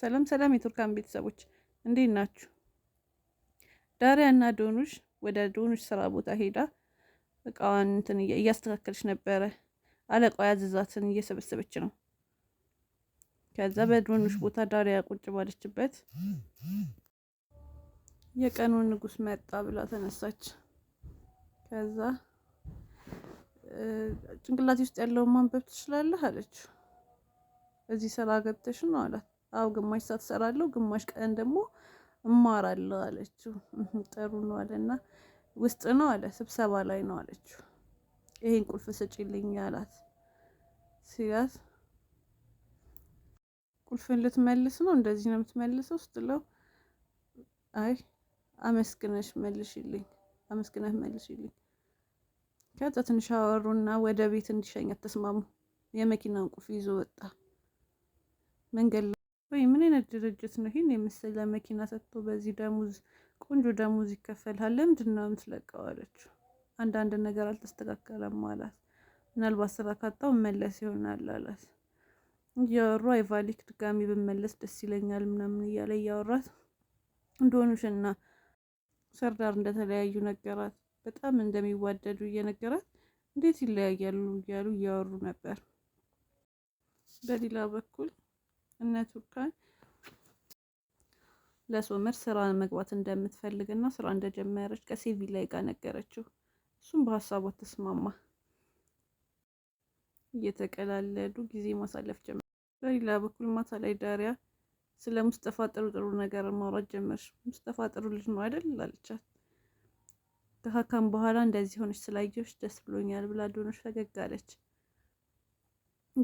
ሰላም ሰላም የቱርካን ቤተሰቦች እንዴት ናችሁ? ዳሪያ እና ዶኑሽ ወደ ዶኑሽ ስራ ቦታ ሄዳ እቃዋን እንትን እያስተካከለች ነበረ። አለቃዋ ያዘዛትን እየሰበሰበች ነው። ከዛ በዶኑሽ ቦታ ዳሪያ ቁጭ ባለችበት የቀኑ ንጉስ መጣ ብላ ተነሳች። ከዛ ጭንቅላቴ ውስጥ ያለውን ማንበብ ትችላለህ አለችው። እዚህ ስራ ገብተሽ ነው አላት አዎ ግማሽ ሰዓት እሰራለሁ፣ ግማሽ ቀን ደግሞ እማራለሁ አለችው። ጥሩ ነው አለና ውስጥ ነው አለ ስብሰባ ላይ ነው አለችው። ይሄን ቁልፍ ስጪልኝ አላት። ሲያዝ ቁልፍን ልትመልስ ነው እንደዚህ ነው የምትመልሰው ስትለው፣ አይ አመስግነሽ መልሽልኝ፣ አመስግነሽ መልሽልኝ። ከዛ ትንሽ አወሩና ወደ ቤት እንዲሸኛት ተስማሙ። የመኪናን ቁልፍ ይዞ ወጣ መንገድ ወይ ምን አይነት ድርጅት ነው ይሄን የመሰለ መኪና ሰጥቶ በዚህ ደሞዝ ቆንጆ ደሞዝ ይከፈልሃል ለምንድን ነው የምትለቀው አለችው አንዳንድ ነገር አልተስተካከለም አላት ምናልባት ስራ ካጣው መለስ ይሆናል አላት እያወሩ አይቫሊክ ድጋሚ ብመለስ ደስ ይለኛል ምናምን እያለ እያወራት እንደሆኑሽና ሰርዳር እንደተለያዩ ነገራት በጣም እንደሚዋደዱ እየነገራት እንዴት ይለያያሉ እያሉ እያወሩ ነበር በሌላ በኩል እነ ቱርካን ለሶመር ስራ መግባት እንደምትፈልግና ስራ እንደጀመረች ከሲቪል ላይ ጋር ነገረችው። እሱም በሀሳቧ ተስማማ። እየተቀላለዱ ጊዜ ማሳለፍ ጀመረ። በሌላ በኩል ማታ ላይ ዳሪያ ስለ ሙስጠፋ ጥሩ ጥሩ ነገር ማውራት ጀመረች። ሙስጠፋ ጥሩ ልጅ ነው አይደል አለቻት። ከሀካም በኋላ እንደዚህ ሆነች ስላየች ደስ ብሎኛል ብላ ዶኖች ፈገግ አለች።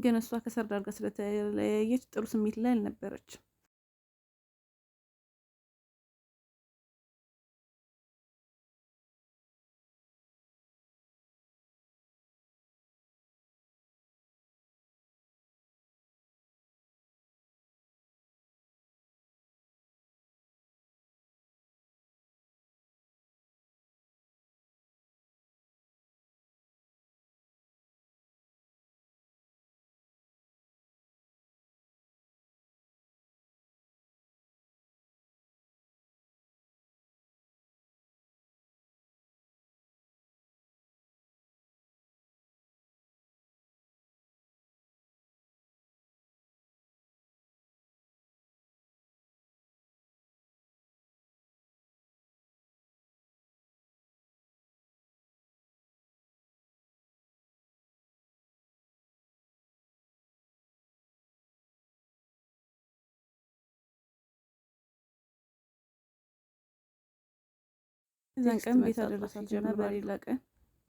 ግን እሷ ከሰርድ አድርጋ ስለተለያየች ጥሩ ስሜት ላይ አልነበረችም። እዛን ቀን ቤት አደረሳትና በሌላ ቀን